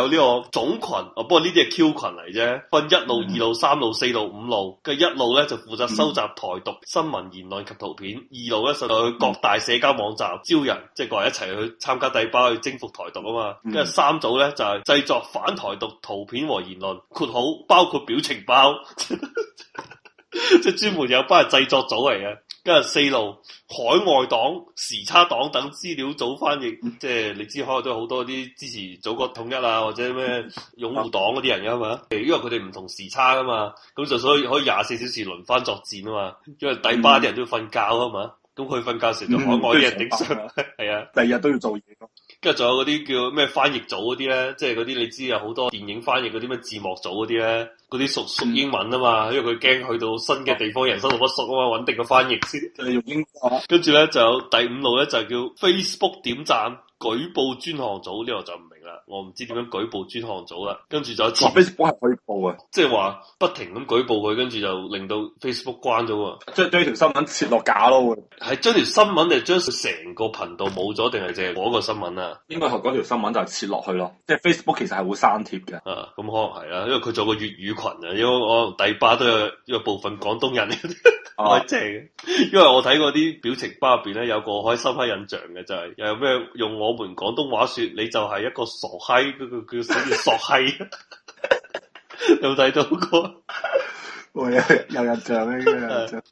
有呢個總群，哦，不過呢啲係 Q 群嚟啫，分一路、二路、三路、四路、五路。嘅一路咧就負責收集台獨新聞、言論及圖片；二路咧就去各大社交網站招人，即係過嚟一齊去參加帝吧去征服台獨啊嘛。跟住三組咧就係、是、製作反台獨圖片和言論，括號包括表情包。 即係專門有班係製作組嚟嘅，跟住四路海外黨、時差黨等資料組翻譯，即係你知海外都有好多啲支持祖國統一啊，或者咩擁護黨嗰啲人噶嘛，因為佢哋唔同時差噶嘛，咁就所以可以廿四小時輪番作戰啊嘛，因為帝吧啲人都要瞓覺啊嘛，咁佢瞓覺時就海外人頂上，係啊、嗯，第二日都要做嘢。 跟住仲有嗰啲叫咩？翻譯組嗰啲咧，即係嗰啲你知啊，好多電影翻譯嗰啲咩字幕組嗰啲咧，嗰啲熟熟英文啊嘛，因為佢驚去到新嘅地方人生路不熟啊嘛，揾定個翻譯先用英文。跟住咧就有第五路咧，就是，叫 Facebook 點讚舉報專項組呢，這個就 o 我唔知點樣舉報專項組啦，跟住就切 Facebook 係可以報啊，即係話不停咁舉報佢，跟住就令到 Facebook 關咗，即係將條新聞切落架咯，係將條新聞定將成個頻道冇咗，定係淨係嗰個新聞啊？應該講條新聞就係切落去咯，即係 Facebook 其實係會刪帖嘅。啊、嗯、咁、嗯嗯、可能係啊，因為佢做個粵語群啊，因為我帝吧都有有部分廣東人，咁咪正。 因為我睇過啲表情包入邊咧，有個可以深刻印象嘅就係又咩用我們廣東話說，你就係一個。傻閪，嗰個叫傻閪， 有睇到過， 有印象咧。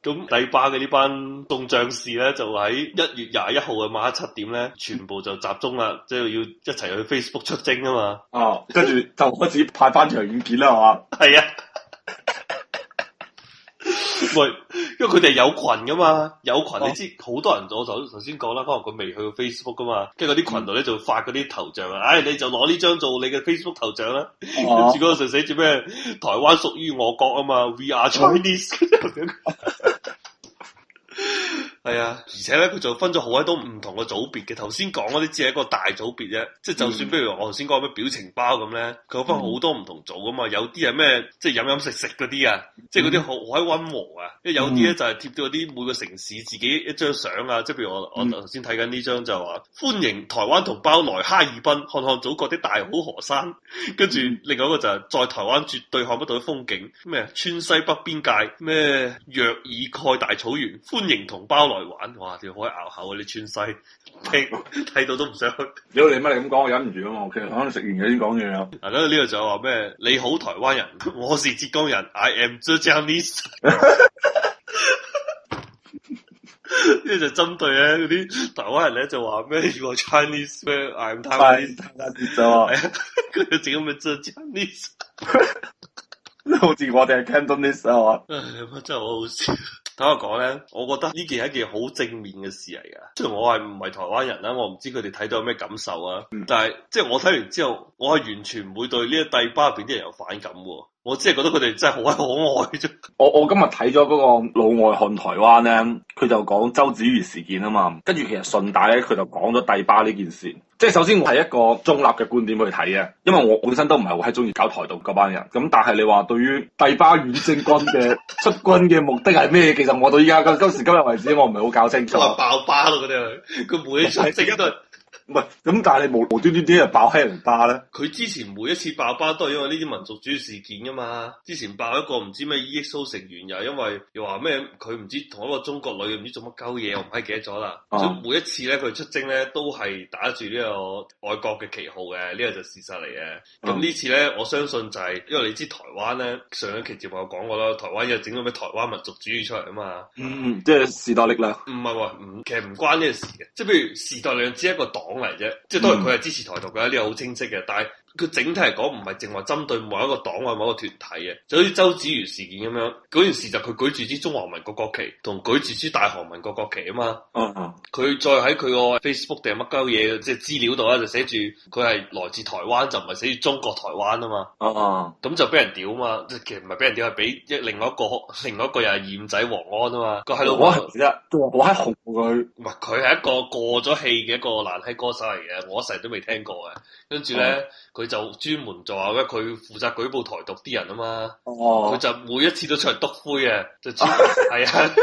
咁帝吧嘅呢班眾將士咧，就喺一月廿一號嘅晚黑七點咧，全部就集中啦，嗯、即係要一齊去 Facebook 出征啊嘛。哦、啊，跟住就開始派翻場軟件啦，係嘛？係啊。喂，因為佢哋有群噶嘛，有群，啊、你知好多人，我就頭先講啦，可能佢未去過 Facebook 噶嘛，跟住嗰啲群度咧就發嗰啲頭像啊，唉、嗯哎，你就攞呢張做你嘅 Facebook 頭像啦，跟住嗰個陣寫住咩台灣屬於我國啊嘛，We are Chinese，啊。 係啊，而且咧佢就分咗好多唔同嘅組別嘅。頭先講嗰啲只係一個大組別啫，即係就算譬如我頭先講咩表情包咁咧，佢、嗯、分好多唔同組噶嘛。有啲係咩即係飲飲食食嗰啲啊，即係嗰啲好閪溫和啊。即有啲咧就係、是、貼到嗰啲每個城市自己一張相啊。即譬如我、嗯、我頭先睇緊呢張就話歡迎台灣同胞來哈爾濱看看祖國的大好河山。跟住另外一個就係、是、在台灣絕對看不到嘅風景，咩川西北邊界，咩若爾蓋大草原，歡迎同胞來。玩哇，條海咬口嗰啲川西睇到 都唔想。如果你乜你咁講，我忍唔住啊嘛。O K，可能食完嘢先講嘢啊。嗱，呢個就話咩？你好，台灣人，我是浙江人。I am the Chinese。呢 就針對啊啲台灣人咧，就話咩？如果 Chinese 咩？I am Taiwanese。就話佢叫咩？Chinese。好似我哋係 Chinese 啊！乜、嗯、真係好好笑。坦白講，呢我覺得呢件係一件好正面嘅事嚟㗎。雖然我係唔係台灣人，我唔知佢哋睇到有咩感受啊。但係即係我睇完之後，我係完全唔會對呢一帝吧入邊啲人有反感喎。我真係覺得佢哋真係好可愛啫。我我今日睇咗嗰個老外看台灣咧，佢就講周子瑜事件啊嘛。跟住其實順帶咧，佢就講咗帝吧呢件事。即係首先我係一個中立嘅觀點去睇嘅，因為我本身都唔係好係中意搞台獨嗰班人。咁但係你話對於帝吧遠征軍嘅 出軍嘅目的係咩？其實我到依家今時今日為止，我唔係好搞清楚。爆巴咯！嗰啲佢每出，食一頓。唔係，咁但係你無無端端點又爆黑人巴咧？佢之前每一次爆巴都係因為呢啲民族主義事件噶嘛？之前爆一個唔知咩 EXO 成員，又因為又話咩佢唔知同一個中國女唔知做乜鳩嘢，我唔係記得咗啦。啊、所以每一次咧佢出征咧都係打住呢個外國嘅旗號嘅，呢、這個就事實嚟嘅。咁、啊、呢次咧我相信就係、是，因為你知台灣咧，上一期節目有講過啦，台灣又整咗咩台灣民族主義出嚟啊嘛。嗯，即係、就是、時代力量。唔係喎，唔其實唔關呢個事嘅。即係譬如時代力量只係一個黨。嚟啫，即係當然佢係支持台獨嘅，呢個好清晰嘅，但係，佢整體嚟講唔係淨話針對某一個黨或某一個團體嘅，就好似周子瑜事件咁樣，嗰件事就佢舉住支中華民國國旗同舉住支大韓民國國旗啊嘛，佢、啊啊、再喺佢個 Facebook 定乜鳩嘢即係、就是、資料度咧就寫住佢係來自台灣，就唔係寫住中國台灣啊嘛，嗯咁、啊啊、就俾人屌嘛，即其實唔係俾人屌，係俾另外一個另外一個又係僞仔黃安啊嘛，那個係咯，我係而我係紅佢，唔佢係一個過咗氣嘅一個爛閪歌手嚟嘅，我成日都未聽過嘅，跟住咧佢。啊就專門就話，因佢負責舉報台獨啲人啊嘛，佢、oh. 就每一次都出嚟督灰嘅、啊，就係 啊，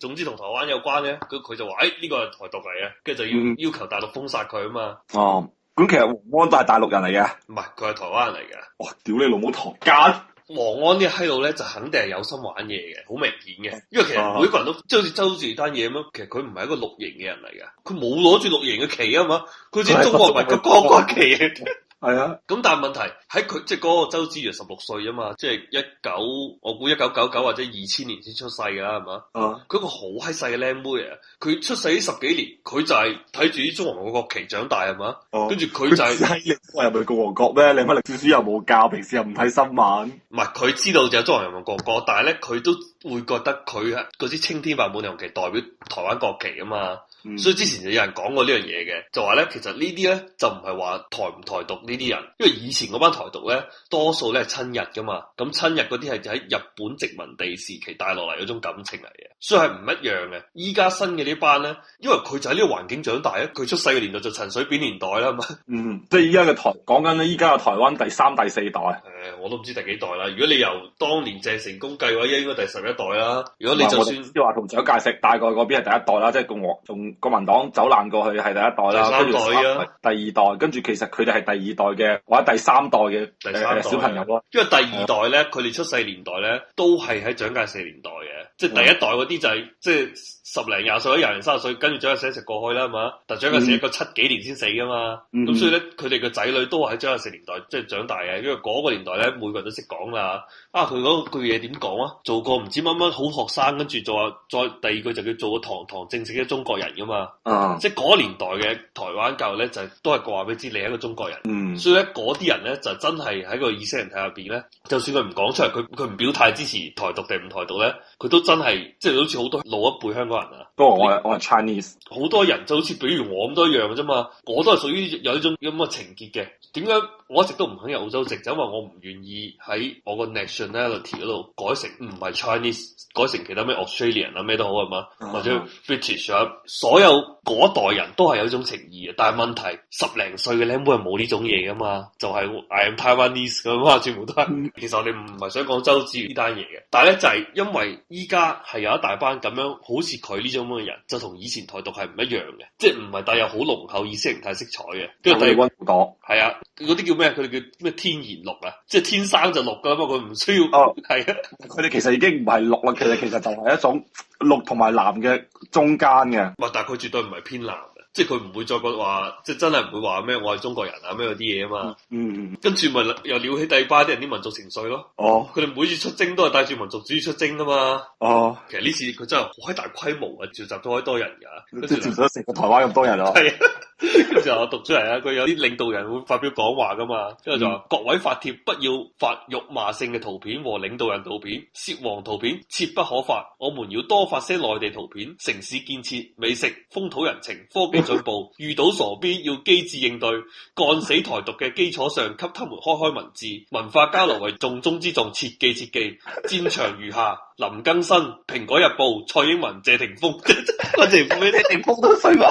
總之同台灣有關咧、啊，佢佢就話誒呢個係台獨嚟嘅，跟住就要、嗯、要求大陸封殺佢啊嘛。哦，咁其實黃安都係大陸人嚟嘅，唔係佢係台灣人嚟嘅。哇，oh, 屌你老母台奸！黃安呢個閪佬咧，就肯定係有心玩嘢嘅，好明顯嘅。因為其實每一個人都即係好似周子瑜嘢咁樣，其實佢唔係一個綠營嘅人嚟嘅，佢冇攞住綠營嘅旗啊嘛，佢只中國牌嘅光華旗。 係啊，咁、嗯、但係問題喺佢即係嗰個周子瑜十六歲啊嘛，即係一九，我估一九九九或者二千年先出世噶啦，係嘛？啊！佢個好閪細嘅靚妹啊！佢出世十幾年，佢就係睇住啲中華民國旗長大係嘛？哦，啊、跟住佢就係、是、係你話咪共和國咩？靚翻嚟，歷史書又冇教，平時又唔睇新聞。唔係佢知道就係中華人民共和國，但係咧佢都會覺得佢啊嗰啲青天白冇旗代表台灣國旗啊嘛。嗯、所以之前就有人講過呢樣嘢嘅，就話咧其實呢啲咧就唔係話台唔台獨呢啲人，因為以前嗰班台獨咧，多數咧係親日噶嘛，咁親日嗰啲係就喺日本殖民地時期帶落嚟嗰種感情嚟嘅，所以係唔一樣嘅。依家新嘅呢班咧，因為佢就喺呢個環境長大，佢出世嘅年代就陳水扁年代啦嘛，嗯，即係依家嘅台講緊咧，依家嘅台灣第三、第四代，誒，我都唔知第幾代啦。如果你由當年鄭成功計嘅話，應該第十一代啦。如果你就算即係話同蔣介石大概嗰邊係第一代啦，即、就、係、是、共和中。國民黨走爛過去係第一代啦、啊，第三代啊，啊，第二代，跟住其實佢哋係第二代嘅或者第三代嘅、第三代啊呃、小朋友咯、啊，因為第二代咧，佢哋出世年代咧都係喺蔣介石年代嘅。即係第一代嗰啲就係、是、即係十零廿歲、廿零三十歲，跟住蔣介石一直過去啦嘛。但蔣、mm hmm. 介石一個七幾年先死噶嘛。咁、mm hmm. 所以咧，佢哋嘅仔女都喺蔣介石年代即係長大嘅，因為嗰個年代咧每個人都識講啦。啊，佢嗰句嘢點講啊？做過唔知乜乜好學生，跟住再再第二句就叫做個堂堂正正嘅中國人噶嘛。Mm hmm. 即係嗰年代嘅台灣教育咧，就係、是、都係話俾你知你係一個中國人。Mm hmm. 所以咧，嗰啲人咧就真係喺個意識形態入邊咧，就算佢唔講出嚟，佢佢唔表態支持台獨定唔台獨咧，佢都真係，即、就、係、是、好似好多老一輩香港人啊，不過我係我係 Chinese，好多人就好似比如我咁多樣嘅啫嘛，我都係屬於有一種咁嘅情結嘅。點解我一直都唔肯入澳洲籍，就是、因為我唔願意喺我個 nationality 嗰度改成唔係 Chinese，改成其他咩 Australian 啊咩都好係嘛，或者 British 啊，所有嗰一代人都係有一種情義嘅。但係問題十零歲嘅咧，靚妹係冇呢種嘢㗎嘛，就係、是、I am Taiwanese 咁啊，全部都係其實我哋唔係想講周子瑜呢單嘢嘅，但係咧就係因為依家。係有一大班咁樣，好似佢呢種咁嘅人，就同以前台獨係唔一樣嘅，即係唔係帶有好濃厚意識形態色彩嘅。跟住第二關，係啊，嗰 啲樂叫咩？佢哋叫咩天然綠啊，即係天生就綠噶啦，不過佢唔需要。哦，係啊的，佢哋其實已經唔係綠啦，其實 其實就係一種綠同埋藍嘅中間嘅。哇！但係佢絕對唔係偏藍。即係佢唔會再講話，即係真係唔會話咩，我係中國人啊咩，嗰啲嘢啊嘛。嗯嗯，嗯跟住咪又撩起第二班啲人啲民族情緒咯。哦，佢哋每次出征都係帶住民族主義出征啊嘛。哦，其實呢次佢真係好大規模啊，聚集到好多人㗎，跟住佔咗成個台灣咁多人啊。係。 佢就話讀出嚟啦，佢有啲領導人會發表講話噶嘛，跟住就話、嗯、各位發帖不要發辱罵性嘅圖片和領導人圖片、涉黃圖片，切不可發。我們要多發些內地圖片、城市建設、美食、風土人情、科技進步。遇到傻逼要機智應對，幹死台獨嘅基礎上，給他們開開文字文化交流為重中之重，切記切記。戰場如下：林更新、蘋果日報、蔡英文、謝霆鋒。謝霆鋒，都衰不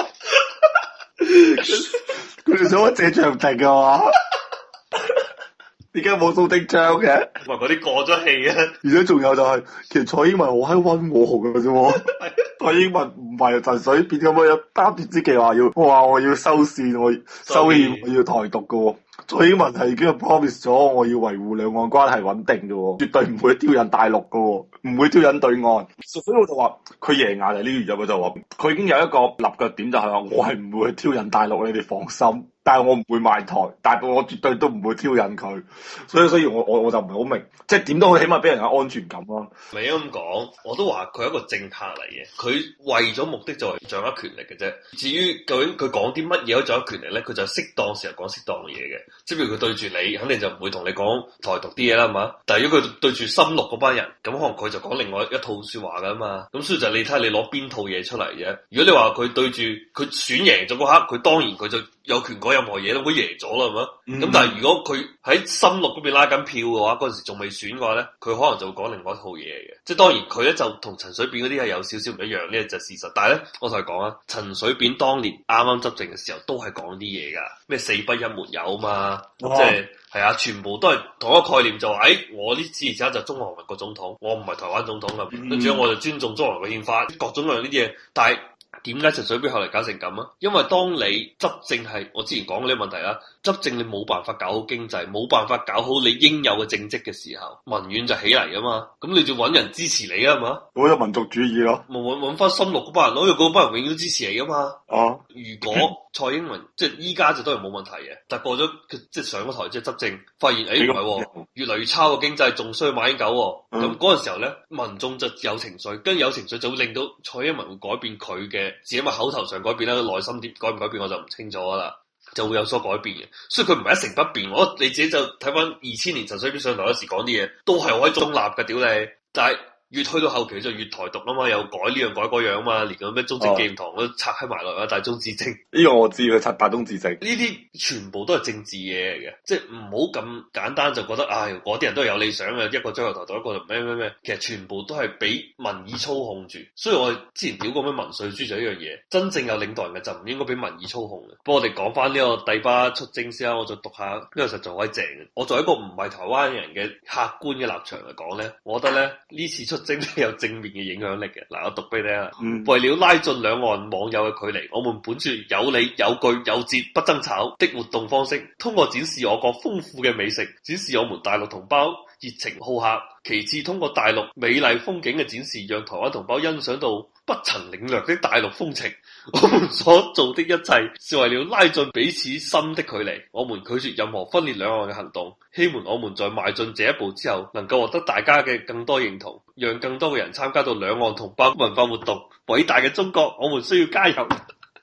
佢 哋想話謝長廷嘛？點解冇宋丁章嘅？唔係嗰啲過咗氣嘅。而且仲有就係、是，其實蔡英文好閪溫和嘅啫。 蔡英文唔係陳水扁咁樣有三段之計話要，我話我要收線，我以收線我要台獨嘅。蔡英文係已經 promise 咗，我要維護兩岸關係穩定嘅，絕對唔會挑釁大陸嘅，唔會挑釁對岸。所以我就話，佢贏硬就呢啲嘢，就話佢已經有一個立腳點，就是，就係我係唔會去挑釁大陸，你哋放心。但係我唔會賣台，但係我絕對都唔會挑釁佢，所以所以我我我就唔係好明，即係點都起碼俾人有安全感咯，啊。你咁講，我都話佢係一個政客嚟嘅，佢為咗目的就係掌握權力嘅啫。至於究竟佢講啲乜嘢掌握權力咧，佢就適當時候講適當嘢嘅。即係譬如佢對住你，肯定就唔會同你講台獨啲嘢啦嘛。但如果佢對住深綠嗰班人，咁可能佢就講另外一套說話噶嘛。咁所以就你睇下你攞邊套嘢出嚟嘅。如果你話佢對住佢選贏咗嗰刻，佢當然佢就。有權講任何嘢，都會贏咗啦，係嘛？咁、嗯、但係如果佢喺深綠嗰邊拉緊票嘅話，嗰陣時仲未選嘅話咧，佢可能就會講另外一套嘢嘅。即、就、係、是、當然佢咧就同陳水扁嗰啲係有少少唔一樣呢就事實。但係咧，我同你講啊，陳水扁當年啱啱執政嘅時候都係講啲嘢㗎，咩四不一沒有嘛，即係係啊，全部都係同一個概念，就話誒、哎，我呢次而家就中華民國總統，我唔係台灣總統，咁跟住我就尊重中華嘅憲法，各種各樣呢啲嘢，但係。點解陳水扁後嚟搞成咁啊？因為當你執政係，我之前講呢個問題啦，執政你冇辦法搞好經濟，冇辦法搞好你應有嘅政績嘅時候，民怨就起嚟啊嘛。咁你就揾人支持你啊嘛，攞啲民族主義咯，咪揾揾翻深綠嗰班人攞，因為嗰班人永遠支持你噶嘛。啊，如果。 蔡英文即係依家就都係冇問題嘅，但過咗即係上咗台即係執政，發現誒唔係喎，越嚟越差個經濟，仲需要買狗喎。咁嗰陣時候咧，民眾就有情緒，跟住有情緒就會令到蔡英文會改變佢嘅，自己為口頭上改變啦，內心點改唔改變我就唔清楚啦，就會有所改變嘅，所以佢唔係一成不變。嗯、我你自己就睇翻二千年陳水扁上台嗰時講啲嘢，都係我喺中立嘅屌、嗯、你，但係。越推到後期就越台獨啦嘛，又改呢樣改嗰樣嘛，連個咩中正紀念堂都拆喺埋落啦，哦、大中至正呢 個我知佢拆大中至正呢啲全部都係政治嘢嚟嘅，即係唔好咁簡單就覺得，唉、哎，嗰啲人都係有理想嘅，一個追求台獨，一個咩咩咩，其實全部都係俾民意操控住。所以我之前屌過咩民粹主義就一樣嘢，真正有領導人嘅就唔應該俾民意操控嘅。不過我哋講翻呢個帝吧出征先，我就讀下，呢個實在好正嘅。我作為一個唔係台灣人嘅客觀嘅立場嚟講咧，我覺得咧呢次出正有正面嘅影響力嘅，嗱，我讀俾你啊。嗯，為了拉近兩岸網友嘅距離，我們本着有理有據有節不爭吵的活動方式，通過展示我國豐富嘅美食，展示我們大陸同胞熱情好客；其次，通過大陸美麗風景嘅展示，讓台灣同胞欣賞到不曾領略的大陸風情。我們所做的一切是為了拉近彼此心的距離。我們拒絕任何分裂兩岸嘅行動，希望我們在邁進這一步之後，能夠獲得大家嘅更多認同，讓更多嘅人參加到兩岸同胞文化活動。偉大嘅中國，我們需要加油！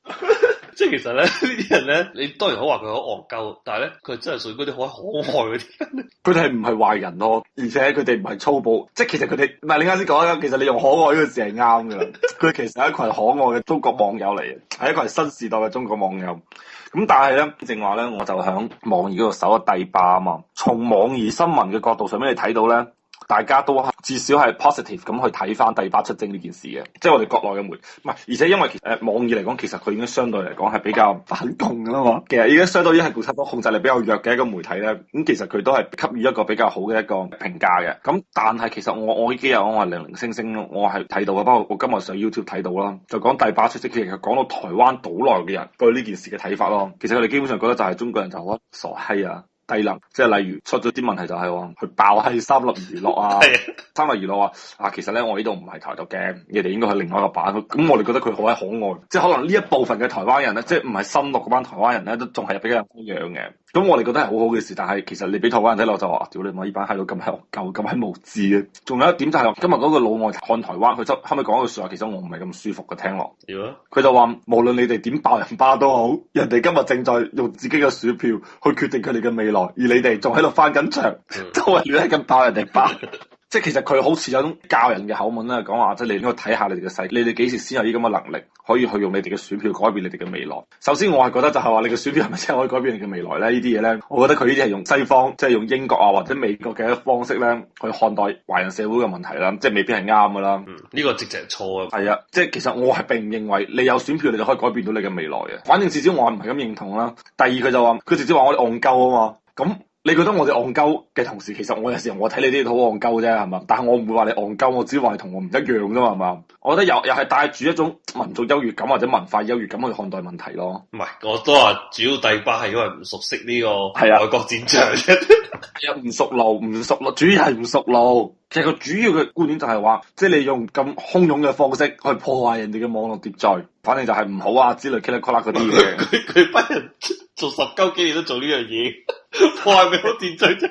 即係其實咧，呢啲人咧，你當然好話佢好戇鳩，但係咧，佢真係屬於嗰啲好可愛嗰啲人。佢哋唔係壞人咯，而且佢哋唔係粗暴。即係其實佢哋，唔係你啱先講啦。其實你用可愛呢個字係啱嘅。佢 其實係一羣可愛嘅中國網友嚟嘅，係一羣新時代嘅中國網友。咁但係咧，正話咧，我就喺網易嗰度搜啊帝吧啊嘛。從網易新聞嘅角度上面，你睇到咧。大家都係至少係 positive 咁去睇翻帝吧出征呢件事嘅，即係我哋國內嘅媒，唔係而且因為誒、呃、網易嚟講，其實佢已經相對嚟講係比較反共噶啦嘛。其實已經相對於係比較控制力比較弱嘅一個媒體咧，咁、嗯、其實佢都係給予一個比較好嘅一個評價嘅。咁、嗯、但係其實我我呢幾日我係零零星星咯，我係睇到啊，包括我今日上 YouTube 睇到啦，就講帝吧出征，其實講到台灣島內嘅人對呢件事嘅睇法咯。其實佢哋基本上覺得就係中國人就好傻閪啊。能，即係例如出咗啲問題，就是，就係佢爆係三立娛樂啊， 三立娛樂話啊，其實咧我呢度唔係台獨嘅，你哋應該係另外一個版，咁我哋覺得佢好閪可愛，即係可能呢一部分嘅台灣人咧，即係唔係深綠嗰班台灣人咧，都仲係比較有風樣嘅，咁我哋覺得係好好嘅事，但係其實你俾台灣人睇落就話，啊，屌你媽，呢班喺度咁閪舊、咁閪無知嘅，啊，仲有一點就係，是，今日嗰個老外看台灣，佢執後屘講句說話，其實我唔係咁舒服嘅聽落，佢麼就話無論你哋點爆人吧都好，人哋今日正在用自己嘅鼠票去決定佢哋嘅未來。而你哋仲喺度翻緊牆，周圍亂咁爆人哋爆，即係 其實佢好似有種教人嘅口吻啦，講話即係你應該睇下你哋嘅世，你哋幾時先有呢咁嘅能力，可以去用你哋嘅選票改變你哋嘅未來。首先我係覺得就係話你嘅選票係咪真係可以改變你嘅未來咧？呢啲嘢咧，我覺得佢呢啲係用西方，即係用英國啊或者美國嘅一方式咧去看待華人社會嘅問題啦，即係未必係啱噶啦。嗯，呢個直情係錯嘅。係啊，即係其實我係並唔認為你有選票你就可以改變到你嘅未來嘅。反正至少我唔係咁認同啦。第二佢就話佢直接話我哋戇鳩啊嘛。咁你覺得我哋戇鳩嘅同時，其實我有時我睇你啲好戇鳩啫，係嘛？但係我唔會話你戇鳩，我只係話同我唔一樣啫嘛，係嘛？我覺得又又係帶住一種民族優越感或者文化優越感去看待問題咯。唔係，我都話主要帝吧係因為唔熟悉呢個係啊外國戰場，又唔熟路，唔熟路，主要係唔熟路。其實個主要嘅觀點就係話，即係你用咁洶湧嘅方式去破壞人哋嘅網絡秩序，反正就係唔好啊之類，磕啦啲嘢。佢佢班人。做十鳩幾年都做呢樣嘢，破壞唔好秩序啫。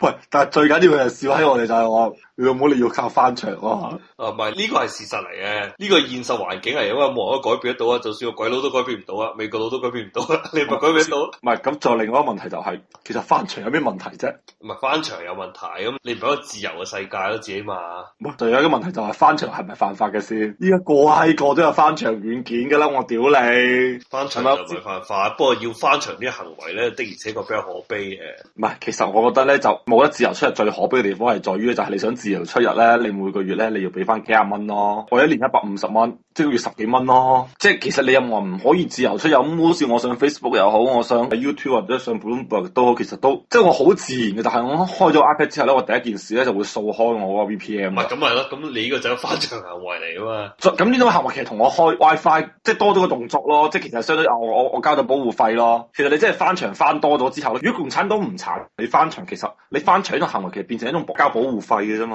喂！但係最緊要佢係笑喺我哋就係我。有冇理由靠翻牆咯，啊，唔係呢個係事實嚟嘅，呢個現實環境係因為冇人可改變得到啊，就算個鬼佬都改變唔到啊，美國佬都改變唔到啊， 你唔係改變到？唔係咁，再另外一個問題就係，其實翻牆有咩問題啫？唔係翻牆有問題，咁你唔係一個自由嘅世界咯，自己嘛。唔，仲有一個問題就係翻牆係咪犯法嘅先？依家個個都有翻牆軟件噶啦，我屌你！翻牆又唔犯法，不過要翻牆呢個行為咧，的而且確比較可悲嘅。唔係，其實我覺得咧就冇得自由出入最可悲嘅地方係在於咧，就係你想自自由出入咧，你每個月咧你要俾翻幾廿蚊咯，我一年一百五十蚊，即係月十幾蚊咯。即係其實你又話唔可以自由出入，咁好似我上 Facebook 又好，我上 YouTube 或者上 Bloomberg 都其實都，即係我好自然嘅。但係我開咗 iPad 之後咧，我第一件事咧就會掃開我個 VPN。咁咪咯，咁你呢個就係翻牆行為嚟啊嘛。咁呢種行為其實同我開 WiFi 即係多咗個動作咯，即係其實相對我我我交咗保護費咯。其實你真係翻牆翻多咗之後，如果共產黨都唔查，你翻牆其實你翻牆呢種行為其實變成一種交保護費嘅啫。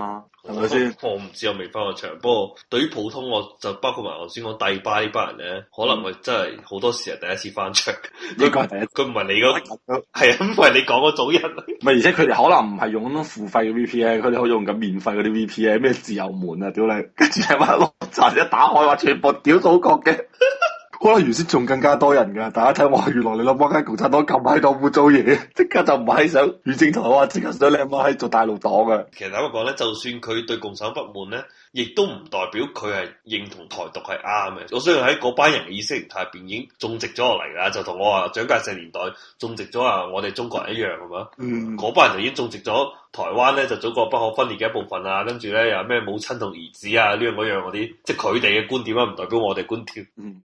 係咪先？我唔知，我未翻過場。不過對於普通，我就包括埋我先講帝吧呢班人咧，可能係真係好多時係第一次翻場。呢個係佢唔係你嗰、嗰個，係啊，唔係你講嗰組人。唔係，而且佢哋可能唔係用咁種付費嘅 VPN，佢哋可以用緊免費嗰啲 VPN，咩自由門啊，屌你，跟住係咪攞閘一打開話全部屌祖國嘅？ 可能原先仲更加多人噶，大家睇話，原來你阿媽喺共產黨咁閪多污糟嘢，即刻就唔係想余正台灣，即刻想你阿媽喺做大陸黨噶。其實坦白講咧，就算佢對共產不滿咧，亦都唔代表佢係認同台獨係啱嘅。我雖然喺嗰班人嘅意識入邊已經種植咗落嚟啦，就同我話蔣介石年代種植咗啊，我哋中國人一樣咁樣。嗯，嗰班人就已經種植咗台灣咧，就祖國不可分裂嘅一部分啊。跟住咧又咩母親同兒子啊呢樣嗰樣嗰啲，即係佢哋嘅觀點啦，唔代表我哋觀點。嗯。